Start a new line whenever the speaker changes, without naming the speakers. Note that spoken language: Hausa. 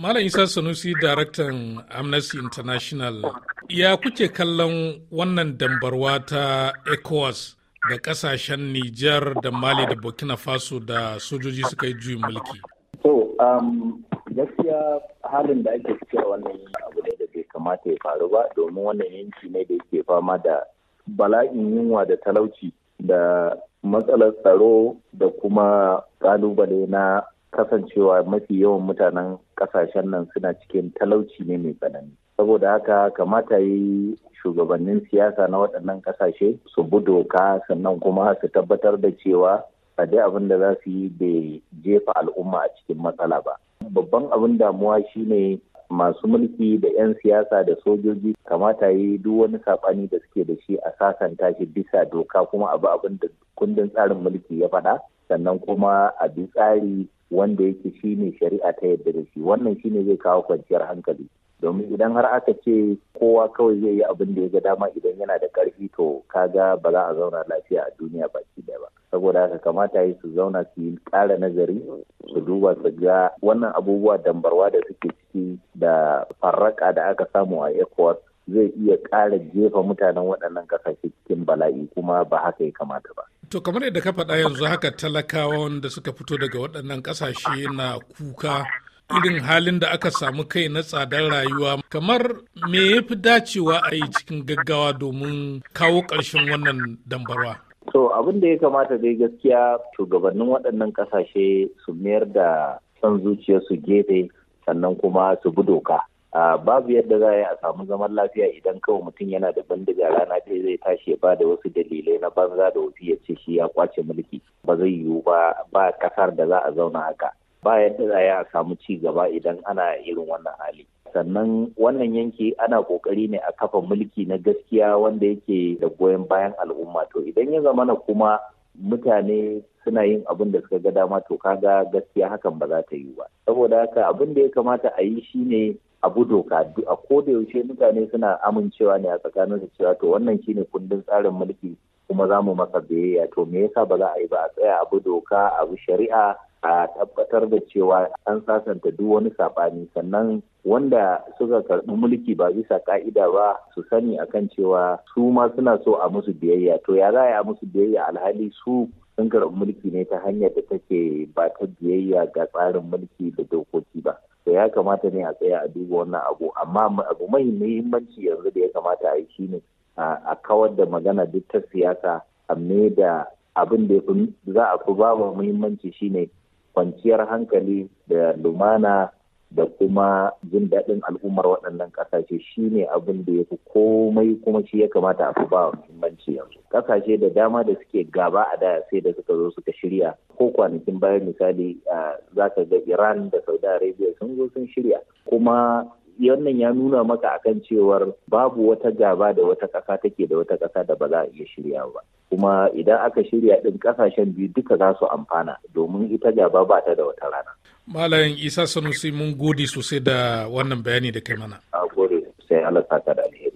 Malam Isa Sanusi, Daraktan Amnesty International, ya kuke kallon wannan dambarwa ta ECOWAS da kasashen Nijar da Mali da Burkina Faso da sojoji suka yi juyin mulki?
To, um, gaskiya halin da ake ciki a wannan abu ne da bai kamata ya faru ba domin wannan yanki ne da yake fama da bala'in yunwa da talauci da matsalar tsaro da kuma kalubale na kasancewa mafi yawan mutanen kasashen nan suna cikin talauci ne mai tsanani saboda haka kamata yi shugabannin siyasa na waɗannan kasashe su bu doka sannan kuma su tabbatar da cewa a dai abin da za su yi bai jefa al'umma a cikin matsala ba babban abin damuwa shine masu mulki da 'yan siyasa da sojoji kamata yi duk wani saɓani da suke da shi a sasanta shi bisa doka kuma abu abin da kundin tsarin mulki ya faɗa sannan kuma a bi tsari wanda yake ne shari'a ta yadda da shi wannan shi ne zai kawo kwanciyar hankali domin idan har aka ce kowa kawai zai yi abin da ya ga dama idan yana da karfi to kaga ba za a zauna lafiya a duniya baki daya ba saboda haka kamata yi su zauna su yi ƙara nazari su duba su ga wannan abubuwa dambarwa da suke ciki da farraka da aka samu a ecuador zai iya ƙara jefa mutanen waɗannan ƙasashe cikin bala'i kuma ba haka ya kamata ba
To kamar yadda ka faɗa yanzu haka talakawa wanda suka fito daga waɗannan ƙasashe na kuka irin halin da aka samu kai na tsadar rayuwa kamar me ya fi dacewa a yi cikin gaggawa domin kawo ƙarshen wannan dambarwa.
To abin da ya kamata dai gaskiya shugabannin waɗannan ƙasashe su mayar da son su gefe sannan kuma su bi doka. babu yadda za a samu zaman lafiya idan kawai mutum yana da bindiga rana ɗaya zai tashi ya bada wasu dalilai na banza da wasu ya ce shi ya kwace mulki ba zai yiwu ba ba kasar da za a zauna haka ba yadda za a samu ci gaba idan ana irin wannan hali sannan wannan yanki ana kokari ne a kafa mulki na gaskiya wanda yake da goyon bayan al'umma to idan ya zama na kuma mutane suna yin abin da suka ga dama to kaga gaskiya hakan ba za ta yi ba saboda haka abin da ya kamata a yi shine abu doka a koda yaushe mutane suna amincewa ne a tsakanin su cewa to wannan shine kundin tsarin mulki kuma za mu masa biyayya to me yasa ba za a yi ba a tsaya abu doka abu shari'a a tabbatar da cewa an sasanta duk wani saɓani sannan wanda suka karɓi mulki ba bisa ka'ida ba su sani akan cewa su ma suna so a musu biyayya to ya za a yi a musu biyayya alhali su sun karɓi mulki ne ta hanyar da take ba ta biyayya ga tsarin mulki da dokoki ba to ya kamata ne a tsaya a duba wannan abu amma abu mai muhimmanci yanzu da ya kamata a yi shine a kawar da magana duk ta siyasa a da abin da za a fi ba muhimmanci shine kwanciyar hankali da lumana da kuma jin daɗin al'ummar waɗannan ƙasashe shi ne abin da ya fi komai kuma shi ya kamata a fi ba muhimmanci yanzu ƙasashe da dama da suke gaba a daya sai da suka zo suka shirya ko kwanakin bayan misali za ka ga iran da saudi arabia sun zo sun shirya kuma wannan ya nuna maka akan cewar babu wata gaba da wata ƙasa take da wata ƙasa da ba za a iya shirya ba kuma idan aka shirya ɗin ƙasashen biyu duka za su amfana domin ita gaba ba ta da wata rana
Malayin Isa Sanusi mun gode sosai da wannan bayani da kai mana.
A gode sai Allah ta da alheri.